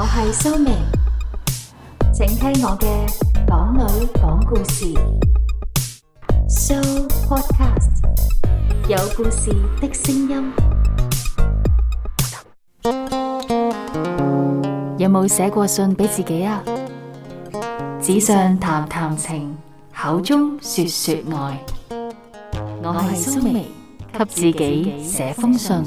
我係蘇眉，請聽我嘅港女講故事。蘇 Podcast 有故事的聲音。有冇寫過信俾自己啊？紙上談談情，口中說說愛。我係蘇眉，給自己寫封信。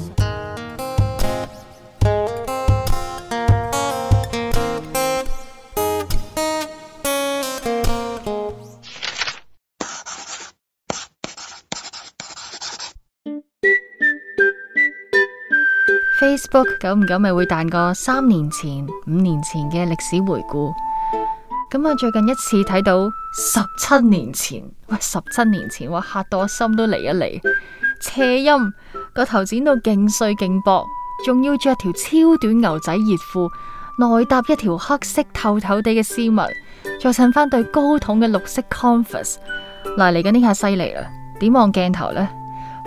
Facebook 久唔久咪會彈過三年前、五年前嘅歷史回顧咁啊？最近一次睇到十七年前喂，十七年前我吓到我心都離一離。斜音個頭剪到勁碎勁薄，仲要着條超短牛仔熱褲，內搭一條黑色透透地嘅絲襪，再襯翻對高筒嘅綠色 Converse。嗱、啊，嚟緊呢下犀利啦，點望鏡頭呢？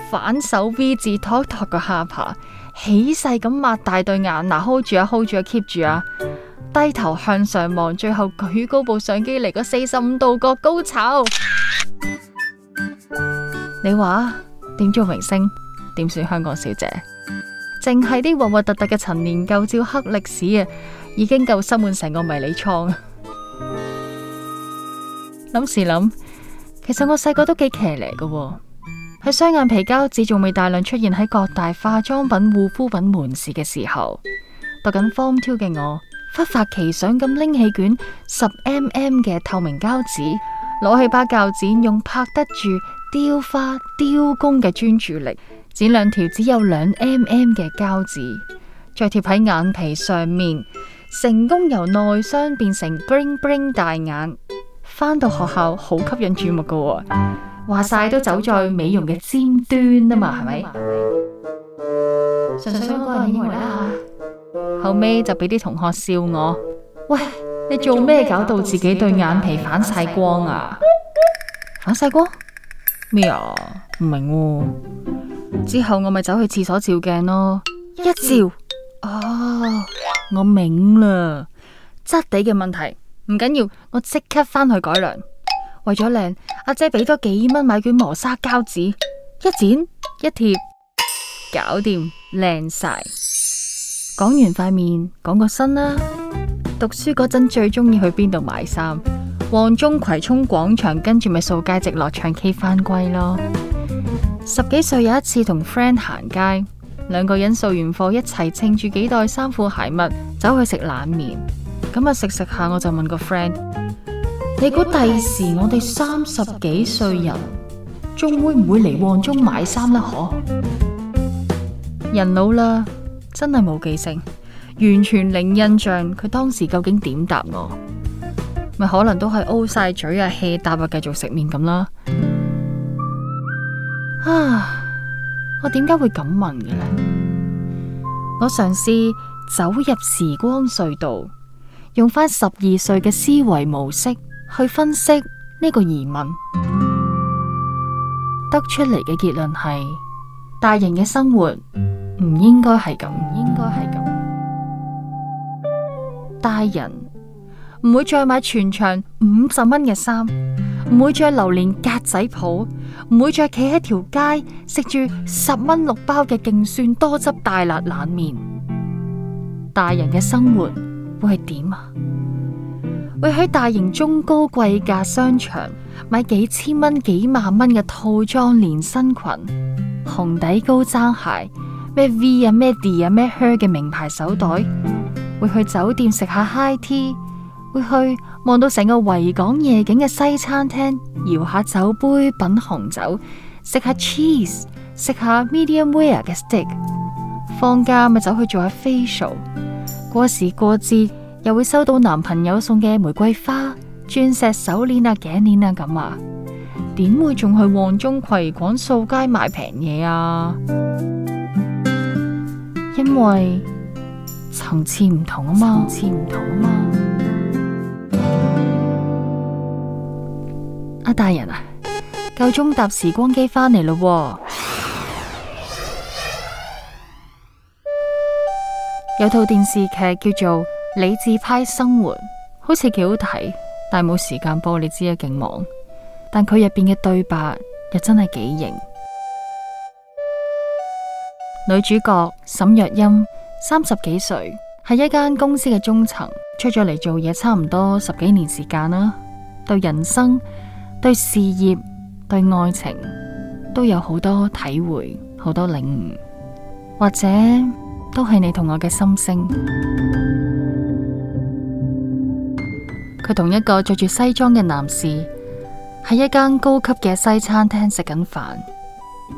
反手 V 字 TOTO 托托個下巴。起勢咁擘大對眼，嗱 hold 住啊，hold 住啊，keep 住啊，低頭向上望，最後舉高部相機嚟個四十五度角高炒。 你話點做明星？點算香港小姐？淨係啲核核突突嘅陳年舊照黑歷史啊，已經夠塞滿成個迷你倉。諗 時諗，其實我細個都幾騎呢嘅。喺雙眼皮膠紙仲未大量出現喺各大化妝品、護膚品門市嘅時候，讀緊 form two 嘅我，忽發奇想咁拎起卷十 mm 嘅透明膠紙，攞起把鉸剪，用拍得住雕花雕工嘅專注力，剪兩條只有兩 mm 嘅膠紙，再貼喺眼皮上面，成功由內雙變成 bling bling 大眼，返到學校好吸引注目噶。話晒都走在美容嘅尖端，啊嘛，係咪？嗯？純粹想個人以為啦吓，後尾就俾啲同學笑我。喂，你做咩搞到自己對眼皮反晒光啊？反晒光啊？咩啊？唔明。之後我咪走去廁所照鏡咯，一照，一照，哦，我明啦，質地嘅問題，唔緊要，我即刻翻去改良。為咗靚，阿姐俾多幾蚊買卷磨砂膠紙，一剪一貼，搞掂靚晒。講完塊面，講個身啦。讀書嗰陣最中意去邊度買衫？旺中葵涌廣場，跟住咪掃街，直落唱 K 翻歸咯。十幾歲有一次同 friend 行街，兩個人掃完貨一齊稱住幾袋衫褲鞋襪，走去食冷麵。咁啊食食下，嗯、吃吃我就問個 friend。你估第時我哋三十幾歲人，仲會唔會嚟旺中買衫啦？可人老啦，真係冇記性，完全零印象。佢當時究竟點答我？咪可能都係 O 晒嘴啊，氣大啊，繼續食麵咁啦。啊！我點解會咁問嘅呢？我嘗試走入時光隧道，用翻十二歲嘅思維模式。去分析呢個疑問，得出嚟嘅結論係：大人嘅生活唔應該係咁，唔應該係咁。大人唔會再買全場五十蚊嘅衫，唔會再留連格仔鋪，唔會再企喺條街食住十蚊六包嘅勁酸多汁大辣冷麵。大人嘅生活會係點啊？會喺大型中高貴價商場買幾千蚊、幾萬蚊嘅套裝連身裙、紅底高踭鞋，咩 V 啊、咩 D 啊、咩靴嘅名牌手袋；會去酒店食下 high tea；會去望到成個維港夜景嘅西餐廳搖下酒杯、品紅酒、食下 cheese、食下 medium rare 嘅 steak；放假咪走去做下 facial；過時過節。又會收到男朋友送嘅玫瑰花、鑽石手鏈啊、頸鏈啊咁啊，點、啊、會仲去旺中葵廣掃街買平嘢啊？因為層次唔同啊嘛，層次唔同啊嘛。阿、啊、大人啊，夠鐘搭時光機翻嚟咯，有套電視劇叫做，理智派生活好似幾好睇，但係冇時間播，你知嘅勁忙。但佢入邊嘅對白又真係幾型。 女主角沈若歆三十幾歲，係一間公司嘅中層，出咗嚟做嘢差唔多十幾年時間啦。對人生、對事業、對愛情都有好多體會、好多領悟，或者都係你同我嘅心聲。佢同一個着住西裝嘅男士喺一間高級嘅西餐廳食緊飯，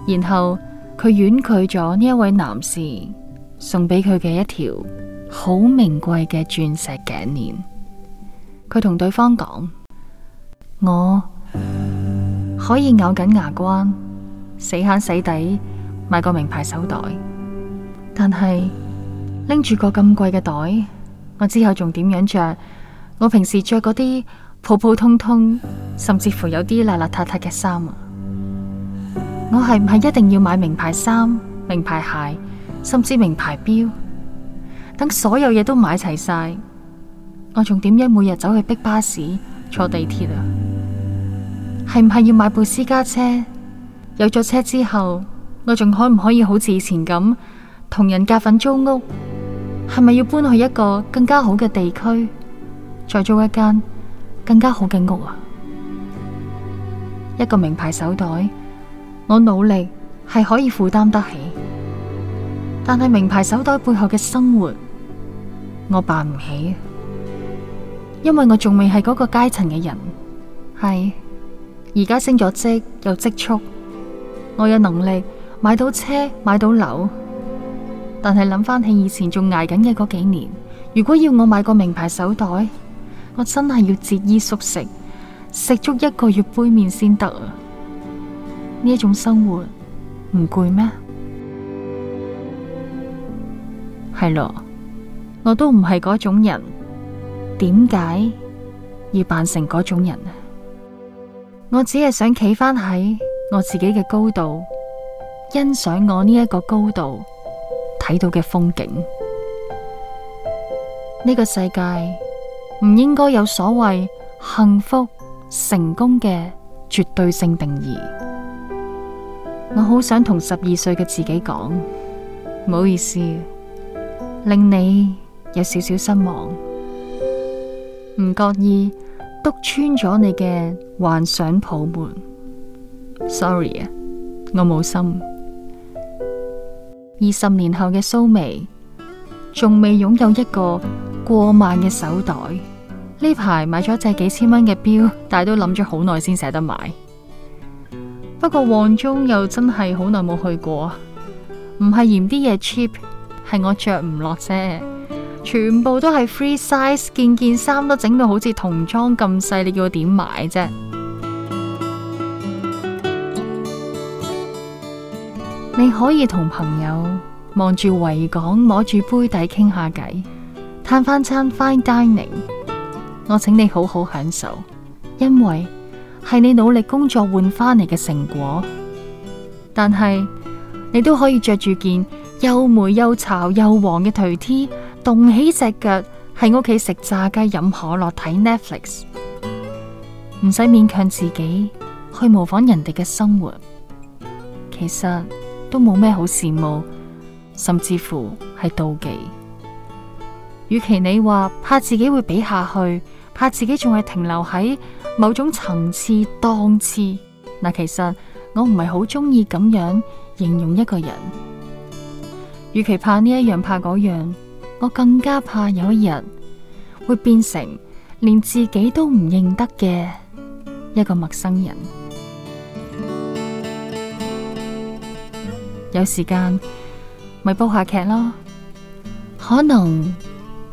然後佢婉拒咗呢一位男士送俾佢嘅一條好名貴嘅鑽石頸鏈。佢同對方講：「我可以咬緊牙關，死慳死抵買個名牌手袋，但係拎住個咁貴嘅袋，我之後仲點樣着？」我平時着嗰啲普普通通，甚至乎有啲邋邋遢遢嘅衫啊！我係唔係一定要買名牌衫、名牌鞋，甚至名牌錶？等所有嘢都買齊晒，我仲點樣每日走去逼巴士、坐地鐵啊？係唔係要買部私家車？有咗車之後，我仲可唔可以好似以前咁同人夾份租屋？係咪要搬去一個更加好嘅地區？再租一間更加好嘅屋啊！一個名牌手袋，我努力係可以負擔得起，但係名牌手袋背後嘅生活，我辦唔起，因為我仲未係嗰個階層嘅人。係而家升咗職又積蓄，我有能力買到車買到樓，但係諗翻起以前仲挨緊嘅嗰幾年，如果要我買個名牌手袋。我真係要節衣縮食，食足一個月杯麵先得啊！呢一種生活唔攰咩？係咯， 我都唔係嗰種人，點解要扮成嗰種人啊？我只係想企翻喺我自己嘅高度，欣賞我呢一個高度睇到嘅風景，呢個世界。唔應該有所謂幸福、成功嘅絕對性定義。我好想同十二歲嘅自己講，唔好意思，令你有少少失望，唔覺意篤穿咗你嘅幻想泡沫。Sorry 啊，我冇心。二十年後嘅蘇眉，仲未擁有一個。過萬嘅手袋，呢排買咗隻幾千蚊嘅錶，但係都諗咗好耐先捨得買。不過旺中又真係好耐冇去過，唔係嫌啲嘢 cheap，係我着唔落啫。全部都係 free size，件件衫都整到好似童裝咁細，你叫我點買啫？你可以同朋友望住維港，摸住杯底傾下偈。嘆翻餐 fine dining，我請你好好享受，因為係你努力工作換翻嚟嘅成果。但係你都可以着住件又霉又潮又黃嘅頹 T，動起隻腳喺屋企食炸雞、飲可樂、睇 Netflix，唔使勉強自己去模仿人哋嘅生活。其實都冇咩好羨慕，甚至乎係妒忌。與其你話怕自己會比下去，怕自己仲係停留喺某種層次檔次，嗱，其實我唔係好中意咁樣形容一個人。與其怕呢一樣，怕嗰樣，我更加怕有一日會變成連自己都唔認得嘅一個陌生人。有時間咪煲下劇咯，可能。